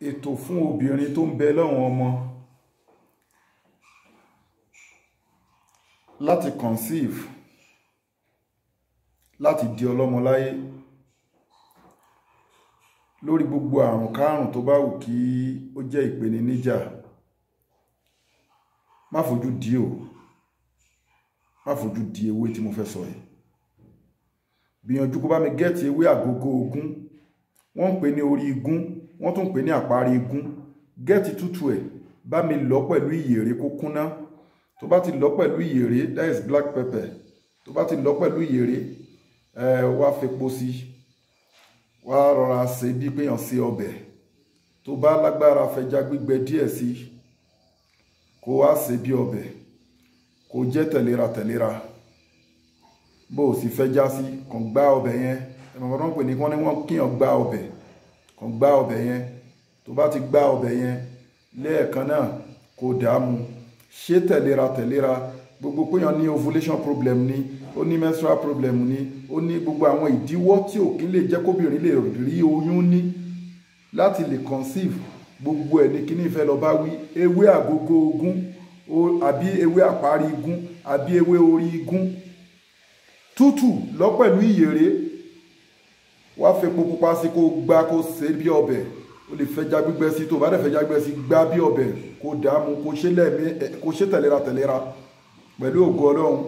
ètò fún obìnrin tó ń bẹ lọ́wọ́n ọmọ láti conceive láti di ọlọ́mọ láyé lórí gbogbo àrùn kárùn tó bá wù kí ó jẹ́ ìpèníjà má fojú di o má fojú di ewé tí mo fẹ́ sọ yìí gbìyànjú kó bá mi gẹ́ẹ̀tì ewé àgógó ogún wọ́n ń pè ní orí igún wọ́n tún pè ní àparí igun gẹ́ẹ̀tì tútù ẹ̀ bá mi lọ pẹ̀lú ìyèrè kó kúnná tó bá ti lọ pẹ̀lú ìyèrè that is black pepper tó bá ti lọ pẹ̀lú ìyèrè ẹ wá fepo sí wá rọra ṣe bí péyàn ṣe ọbẹ̀ tó bá lágbára fẹja gbígbẹ díẹ̀ sí kó wá ṣe bí ọbẹ̀ kó jẹ́ tẹ̀lera tẹ̀lera bó o sì fẹja sí kàn gbá ọbẹ̀ yẹn ẹ̀ mọ̀mọ́ tó ń pè ní wọ́n ní wọ́n kíyàn gbá ọbẹ̀ kàn gbá ọbẹ̀ yẹn tó bá ti gbá ọbẹ̀ yẹn lẹ́ẹ̀kan náà kò dààmú ṣé tẹ̀lera tẹ̀lera gbogbo péyàn ní ovulation problem ni ó ní menstrual problem ni ó ní gbogbo àwọn ìdíwọ́ tí ò kí lè jẹ́ kóbìnrin lè rí oyún ní láti lè conceive gbogbo ẹ̀ ní kíní ìfẹ́ lọ bá wí ewé àgógó ogún àbí ewé àparí igún àbí ewé orí igún tútù lọ pẹ̀lú ìyèrè wá fepo pupa sí kó gbá kó ṣe bí ọbẹ̀ o lè fẹja gbígbẹ sí tó o bá dẹ̀ fẹja gbígbẹ sí gbá bí ọbẹ̀ kó dààmú kó ṣe lẹ́ẹ̀mí kó ṣe tẹ̀lera tẹ̀lera pẹ̀lú ògo ọlọ́run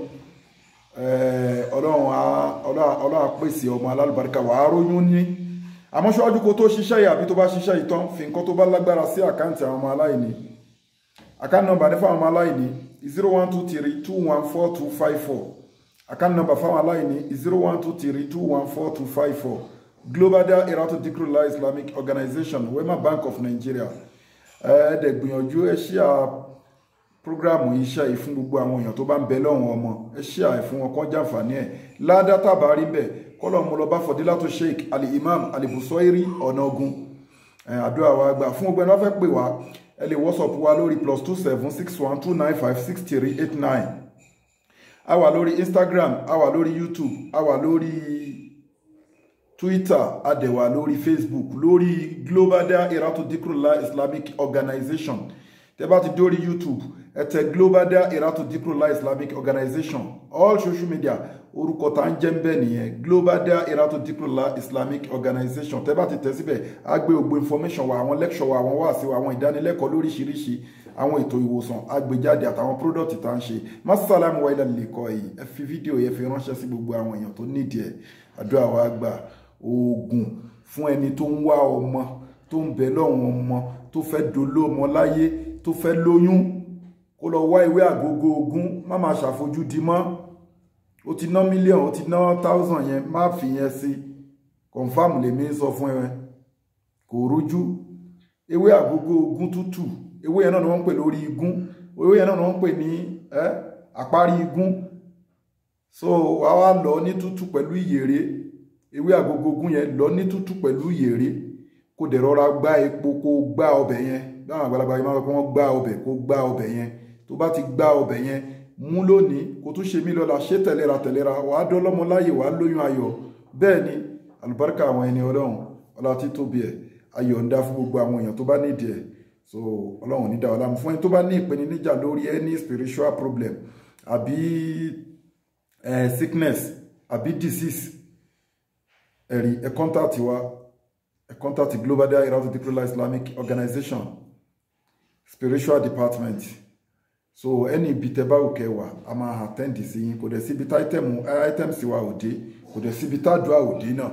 ọlọ́run ọlọ́run apèsè ọmọ alálùbáríkà wàá róyún ní àmọ́ ṣáájú kó tó ṣiṣẹ́ yìí àbí tó bá ṣiṣẹ́ ìtàn fi nǹkan tó bá lágbára sí àkáǹtì àwọn ọmọ aláìní àkáǹtì nọ́mbà ní fáwọn ọmọ aláìní zero one two three two one four two five four àkáǹtì nọ́mbà fáwọn aláìní zero one two three two one four two five four. Global Dahiratu Dhikrlahi Islamic Organization Wema Bank of Nigeria ẹ̀ẹ́dẹ̀ gbìyànjú ẹ ṣíà prógráàmù yìí ṣáà yìí fún gbogbo àwọn èèyàn tó bá ń bẹ lọ́wọ́n ọmọ ẹ ṣíà ẹ̀ fún wọn kán jàǹfààní ẹ̀ ládàtà bá rí bẹ́ẹ̀ kọ́lọ̀ mo bá fọdílátò Sheikh Ali Imam alibusoiri ọ̀nà ogun àdúrà wa gbà fún ọgbẹ́ni wọ́n fẹ́ pè wá ẹ lè WhatsApp wa lórí plus two seven six one two nine five six three eight nine a wà lórí Instagram a wà lórí YouTube a wà lórí twitter adẹ̀wà lórí facebook lórí global dahiratu dhikrlahi islamic organization tẹ́ bá ti dórí youtube ẹ tẹ global dahiratu dhikrlahi islamic organization all social media orúkọ tá ń jẹ́ ń bẹ̀ nìyẹn global dahiratu dhikrlahi islamic organization tẹ́ bá ti tẹ̀ síbẹ̀ á gbé information wa àwọn lecture wa àwọn wáàsí wa àwọn ìdánilẹ́kọ̀ọ́ lóríṣiríṣi àwọn ètò ìwòsàn agbèjáde àtàwọn pródọ̀tì tá ń ṣe masalamu wa ilẹ̀ lè kọ́ yìí ẹ fi fídíò yẹn fi ránṣẹ́ sí gbogbo àwọn èèyàn tó nídìí ẹ̀ àdúrà wa gbà oògùn fún ẹni tó ń wá ọmọ tó ń bẹ lọ́wọ́n ọmọ tó fẹ́ dolómọ láyé tó fẹ́ lóyún kó lọ wá ìwé àgógó ogún má máa ṣàfojúdi mọ́ ó ti ná mílíọ̀n ó ti ná táùsàn yẹn má fi yẹn sí confam lèmi ń sọ fún ẹ kò rújú ewé àgógó ogún tútù ewé yẹn náà ni wọ́n ń pè lórí igún ewé yẹn náà ni wọ́n ń pè ní àparí igún so wàá wá lọ ní tútù pẹ̀lú ìyèrè ewé àgógógún yẹn lọ ní tútù pẹ̀lú yèrè kó dẹ̀ rọra gbá epo kó gbá ọbẹ̀ yẹn báwọn àgbàlagbà yìí máa sọ pé wọ́n gbá ọbẹ̀ kó gbá ọbẹ̀ yẹn tó bá ti gbá ọbẹ̀ yẹn mú lónìí kó tún ṣe mí lọ́la ṣé tẹ̀lera tẹ̀lera wàá dọ́lọ́mọ láyè wàá lóyún ayọ̀ bẹ́ẹ̀ ni àlùbáríkà àwọn ẹni ọlọ́run ọlá títóbi ẹ̀ ayọ̀ ń dá fún gbogbo àwọn èèyàn tó bá nídìí ẹ̀ so ọlọ́run ní dá fún ẹni tó bá ní ìpèníjà lórí any spiritual problem àbí eh, sickness àbí disease ẹ̀rí ẹ kọ́ńtàtì wa ẹ kọ́ńtàtì Global Dahiratu Dhikrlahi Islamic Organization spiritual department so ẹni ibi tẹ bá òkè wà a máa àtẹ́ǹdì sí yín kò dẹ̀ síbi tá items wa ò kò dẹ̀ síbi tá àdúrà ò náà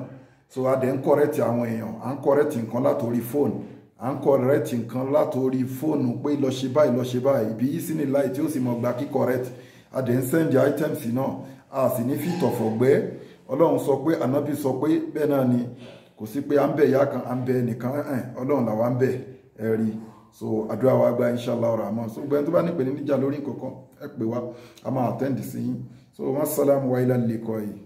so a dẹ̀ ń kọ́rẹ́tì àwọn èèyàn à ń kọ́rẹ́tì nǹkan látòrí fóònù à ń kọ́rẹ́tì nǹkan látòrí fóònù pé lọ ṣe báyìí lọ ṣe báyìí ibi yìí sí ni láì tí ó sì mọ̀ gba kíkọ́rẹ́tì a dẹ̀ ń sẹ́ǹdì items náà a sì ní fìtọ̀fọ̀gbẹ́ ọlọ́run sọ pé ànábì sọ pé bẹ́ẹ̀ náà ni kò sí pé à ń bẹ̀ ìyá kan à ń bẹ̀ nìkan ẹ̀ẹ́n ọlọ́run làwa ń bẹ̀ ẹ rí so àdúrà wa gba inshallah rahman so gbẹ́ni tó bá nípe níjà lórí kọ̀ọ̀kan ẹ pè wá a máa attend sí yín so wọ́n sálámù wa ilà kọ́ yìí.